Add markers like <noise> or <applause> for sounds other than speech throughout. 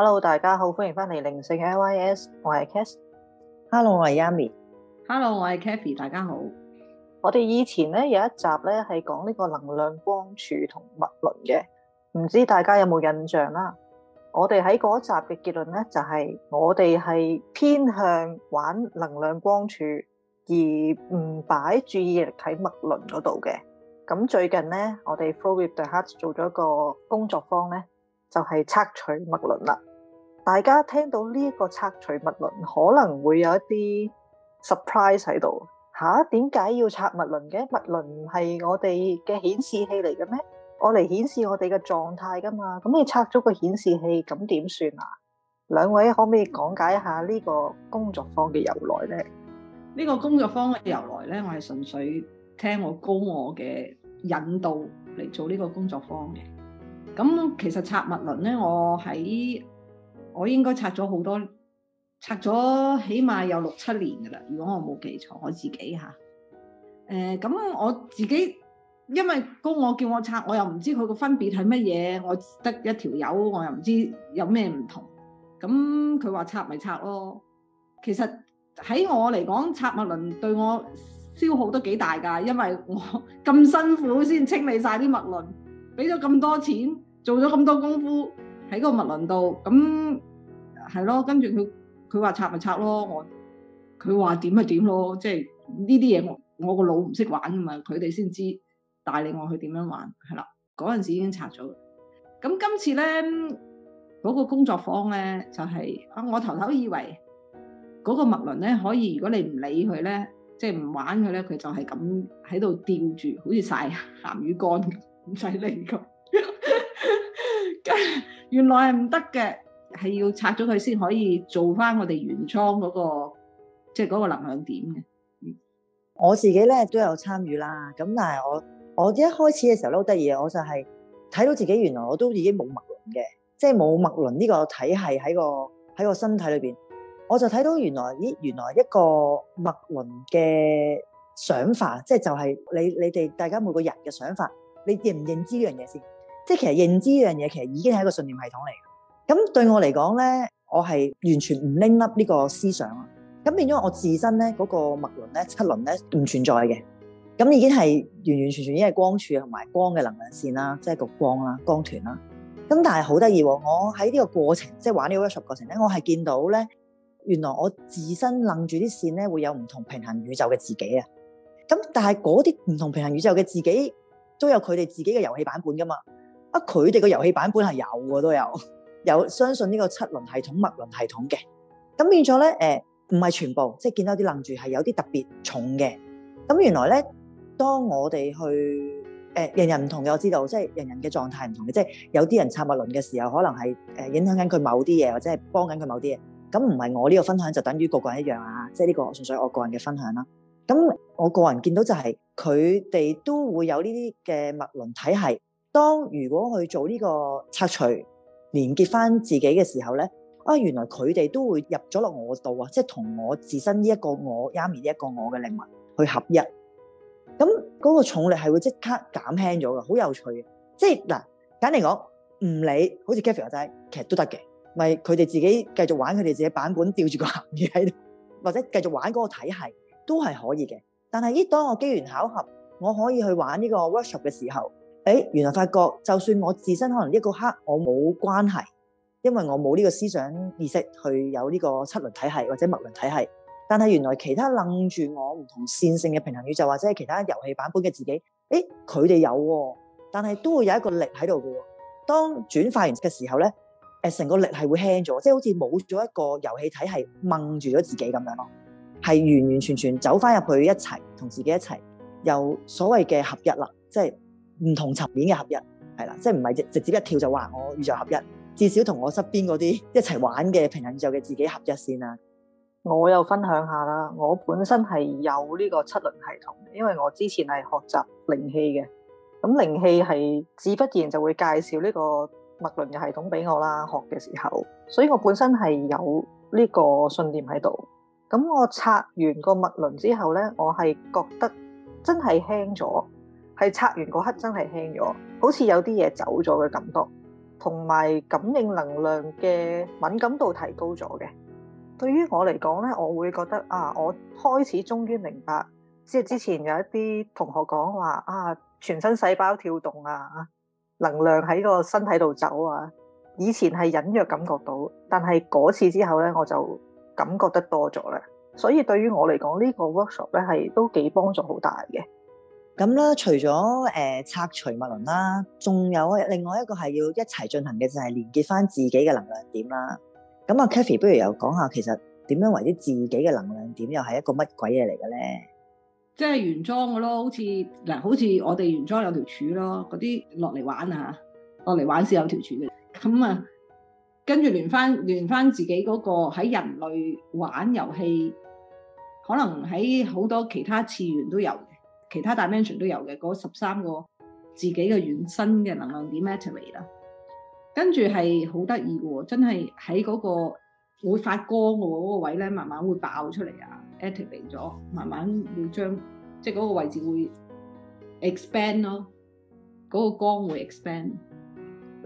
Hello，大家好，歡迎翻嚟靈性 LYS，我係 Kess。Hello，我係 Yami。Hello，我係 Kathy，大家好。我哋以前咧有一集咧係講呢個能量光柱同脈輪嘅，唔知大家有冇印象啦？我哋喺嗰集嘅結論咧就係我哋係偏向玩能量光柱，而唔擺注意力喺脈輪嗰度嘅。咁最近咧，我哋 Flow with the Heart 做咗一個工作坊咧，就係拆除脈輪啦。大家聽到呢一個拆除脈輪可能會有一啲 surprise 喺度吓，點解要拆脈輪嘅？脈輪係我哋嘅顯示器嚟嘅咩？我嚟顯示我哋嘅狀態噶嘛？咁你拆咗個顯示器，咁點算啊？兩位可唔可以講解一下呢個工作坊嘅由來呢？呢個工作坊嘅由來呢，我係純粹聽我高我嘅引導嚟做呢個工作坊嘅。咁其實拆脈輪呢，我喺～我應該拆咗好多，拆咗起碼有六七年㗎喇。如果我冇記錯，我自己吓。誒、呃，咁我自己因為高我叫我拆，我又唔知佢個分別係乜嘢，我得一條友，我又唔知有咩唔同。咁佢話拆咪拆咯。其實喺我嚟講，拆脈輪對我消耗都幾大㗎，因為我咁辛苦先清理晒啲脈輪，俾咗咁多錢，做咗咁多功夫喺個脈輪度，咁。係咯，跟住佢佢話拆咪拆咯，我佢話點咪點咯，即係呢啲嘢我我個腦唔識玩啊嘛，佢哋先知帶領我去點樣玩，係啦，嗰陣時已經拆咗。咁今次咧嗰個工作坊咧就係啊，我頭頭以為嗰個脈輪咧可以，如果你唔理佢咧，即係唔玩佢咧，佢就係咁喺度吊住，好似曬鹹魚乾咁，唔使理佢。 <laughs> 原來係唔得嘅。係要拆咗佢先可以做翻我哋原裝嗰、那個，即係嗰個能量點嘅、嗯。我自己咧都有參與啦，咁但係我我一開始嘅時候咧好得意，我就係睇到自己原來我都已經冇脈輪嘅，即係冇脈輪呢個體系喺個喺個身體裏邊，我就睇到原來咦原來一個脈輪嘅想法，即係就係、是、你你哋大家每個人嘅想法，你認唔認知呢樣嘢先？即、就、係、是、其實認知呢樣嘢，其實已經係一個信念系統嚟。咁對我嚟講咧，我係完全唔拎粒呢個思想啊。咁變咗我自身咧，嗰個脈輪咧，七輪咧唔存在嘅。咁已經係完完全全，已經係光柱同埋光嘅能量線啦，即係個光啦、光團啦。咁但係好得意，我喺呢個過程，即係玩呢個 rush 過程咧，我係見到咧，原來我自身楞住啲線咧會有唔同平行宇宙嘅自己啊。咁但係嗰啲唔同平行宇宙嘅自己都有佢哋自己嘅遊戲版本噶嘛？啊，佢哋個遊戲版本係有，都有。有相信呢個七輪系統、脈輪系統嘅，咁變咗咧，誒唔係全部，即係見到啲愣住係有啲特別重嘅。咁原來咧，當我哋去、呃、人人唔同嘅，我知道，即係人人嘅狀態唔同嘅，即係有啲人拆脈輪嘅時候，可能係影響緊佢某啲嘢，或者係幫緊佢某啲嘢。咁唔係我呢個分享就等於個個人一樣啊，即係呢個純粹我個人嘅分享啦。咁我個人見到就係佢哋都會有呢啲嘅脈輪體系。當如果去做呢個拆除。連結翻自己嘅時候咧，啊，原來佢哋都會入咗落我度啊，即係同我自身呢 <noise> 一個我 m y 呢一個我嘅靈魂去合一，咁嗰個重力係會即刻減輕咗嘅，好有趣嘅。即係嗱，簡單嚟講，唔理好似 Kathy 話齋，其實都得嘅，咪佢哋自己繼續玩佢哋自己版本吊住個鹹魚喺度，或者繼續玩嗰個體系都係可以嘅。但係一旦我機緣巧合，我可以去玩呢個 workshop 嘅時候。誒，原來發覺就算我自身可能一個刻，我冇關係，因為我冇呢個思想意識去有呢個七輪體系或者脈輪體系。但係原來其他楞住我唔同線性嘅平行宇宙或者係其他遊戲版本嘅自己，誒，佢哋有、哦，但係都會有一個力喺度嘅。當轉化完嘅時候咧，誒，成個力係會輕咗，即係好似冇咗一個遊戲體系掹住咗自己咁樣咯，係完完全全走翻入去一齊同自己一齊，有所謂嘅合一啦，即係。唔同層面嘅合一，係啦，即係唔係直直接一跳就話我宇宙合一，至少同我身邊嗰啲一齊玩嘅平行宇宙嘅自己合一先啦。我又分享一下啦，我本身係有呢個七輪系統，因為我之前係學習靈氣嘅，咁靈氣係自不然就會介紹呢個脈輪嘅系統俾我啦，學嘅時候，所以我本身係有呢個信念喺度。咁我拆完個脈輪之後呢，我係覺得真係輕咗。係拆完嗰刻真係輕咗，好似有啲嘢走咗嘅感覺，同埋感應能量嘅敏感度提高咗嘅。對於我嚟講咧，我會覺得啊，我開始終於明白，即係之前有一啲同學講話啊，全身細胞跳動啊，能量喺個身體度走啊，以前係隱約感覺到，但係嗰次之後咧，我就感覺得多咗啦。所以對於我嚟講，呢個 workshop 咧係都幾幫助好大嘅。咁啦，除咗誒、呃、拆除脈輪啦，仲有另外一個係要一齊進行嘅就係、是、連結翻自己嘅能量點啦。咁啊，Kathy 不如又講下其實點樣為之自己嘅能量點，又係一個乜鬼嘢嚟嘅咧？即係原裝嘅咯，好似嗱，好似我哋原裝有條柱咯，嗰啲落嚟玩啊，落嚟玩先有條柱嘅。咁啊，跟住連翻連翻自己嗰個喺人類玩遊戲，可能喺好多其他次元都有。其他 dimension 都有嘅，嗰十三個自己嘅原生嘅能量點 activate 啦，跟住係好得意嘅，真係喺嗰個會發光嘅嗰個位咧，慢慢會爆出嚟啊，activate 咗，慢慢會將即係嗰個位置會 expand 咯，嗰個光會 expand。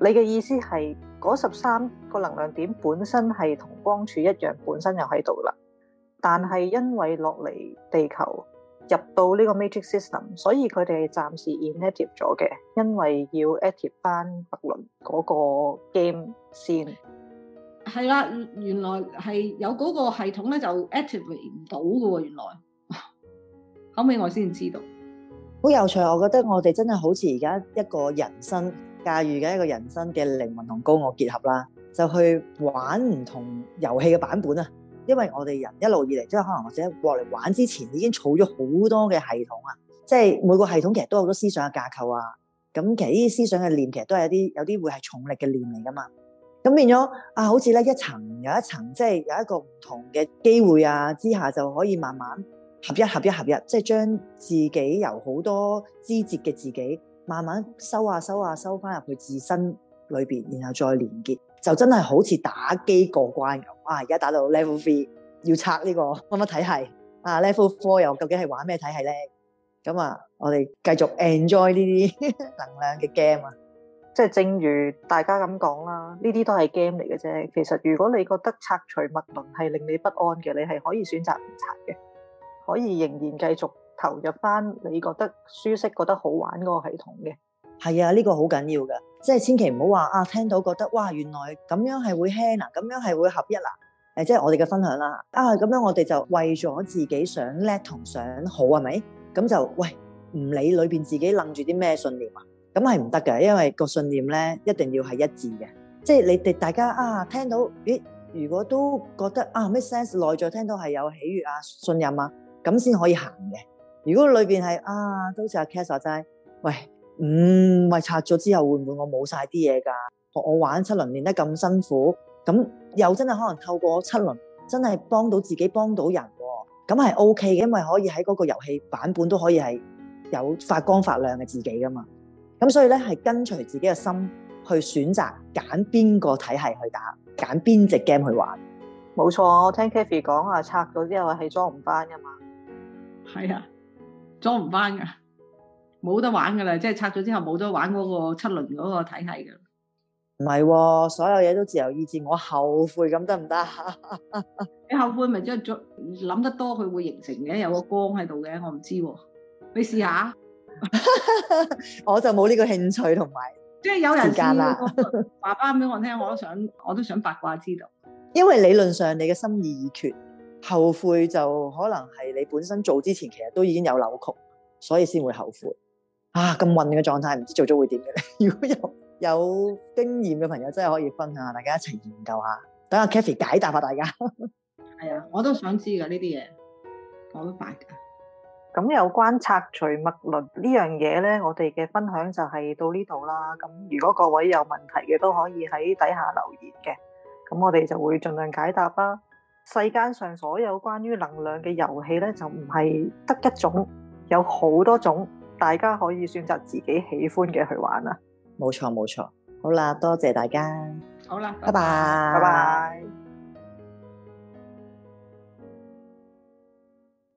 你嘅意思係嗰十三個能量點本身係同光柱一樣，本身就喺度啦，但係因為落嚟地球。入到呢個 Matrix system，所以佢哋暫時 inactive 咗嘅，因為要 activate 翻《白龍》嗰個 game 先。係啦，原來係有嗰個系統咧，就 activate 唔到嘅喎。原來後尾我先知道，好有趣。我覺得我哋真係好似而家一個人生，駕馭嘅一個人生嘅靈魂同高我結合啦，就去玩唔同遊戲嘅版本啊！因為我哋人一路以嚟，即係可能或者過嚟玩之前已經儲咗好多嘅系統啊，即係每個系統其實都有好多思想嘅架構啊。咁其實呢啲思想嘅念其實都係有啲有啲會係重力嘅念嚟噶嘛。咁變咗啊，好似咧一層有一層，即係有一個唔同嘅機會啊之下，就可以慢慢合一合一合一，即係將自己由好多枝節嘅自己慢慢收下收下收翻入去自身裏面，然後再連結。就真係好似打機過關咁，啊而家打到 level three，要拆呢個乜乜體系啊？level four 又究竟係玩咩體系咧？咁啊，我哋繼續 enjoy 呢啲能量嘅 game 啊！即係正如大家咁講啦，呢啲都係 game 嚟嘅啫。其實如果你覺得拆除脈輪係令你不安嘅，你係可以選擇唔拆嘅，可以仍然繼續投入返你覺得舒適、覺得好玩嗰個系統嘅。係啊，呢個好緊要㗎。即係千祈唔好話啊，聽到覺得哇，原來咁樣係會輕嗱、啊，咁樣係會合一嗱。即係我哋嘅分享啦。啊，咁、啊啊、樣我哋就為咗自己想叻同想好，係咪？咁就喂，唔理裏面自己楞住啲咩信念啊，咁係唔得嘅，因為個信念咧一定要係一致嘅。即係你哋大家啊，聽到咦？如果都覺得啊咩 sense，內在聽到係有喜悅啊、信任啊，咁先可以行嘅。如果裏面係啊，都似阿 Kesa 就喂。嗯，唔係拆咗之後會唔會我冇晒啲嘢㗎？我玩七輪練得咁辛苦，咁又真係可能透過七輪真係幫到自己，幫到人喎、啊。咁係 O K 嘅，因為可以喺嗰個遊戲版本都可以係有發光發亮嘅自己噶嘛。咁所以咧係跟隨自己嘅心去選擇揀邊個體系去打，揀邊隻 game 去玩。冇錯，我聽 Kathy 講啊，拆咗之後係裝唔翻㗎嘛。係啊，裝唔翻㗎。冇得玩噶啦，即係拆咗之後冇得玩嗰個七輪嗰個體系噶。唔係喎，所有嘢都自由意志。我後悔咁得唔得？ <laughs> 你後悔咪即係諗得多，佢會形成嘅，有個光喺度嘅，我唔知喎。你試下， <laughs> <laughs> 我就冇呢個興趣同埋。還 <laughs> 即係有人話翻俾我聽，我都想，我都想八卦知道。因為理論上你嘅心意已決，後悔就可能係你本身做之前，其實都已經有扭曲，所以先會後悔。啊！咁混亂嘅狀態，唔知做咗會點嘅咧。 <laughs> 如果有有經驗嘅朋友，真係可以分享下，大家一齊研究下。等阿 Kathy 解答下大家。係 <laughs> 啊，我都想知噶呢啲嘢，講得快噶。咁有關拆除脈輪、這個、呢樣嘢咧，我哋嘅分享就係到呢度啦。咁如果各位有問題嘅，都可以喺底下留言嘅。咁我哋就會盡量解答啦。世間上所有關於能量嘅遊戲咧，就唔係得一種，有好多種。大家可以選擇自己喜歡嘅去玩啦，冇錯冇錯，好啦，多謝大家，好啦，拜拜，拜拜 bye。Bye bye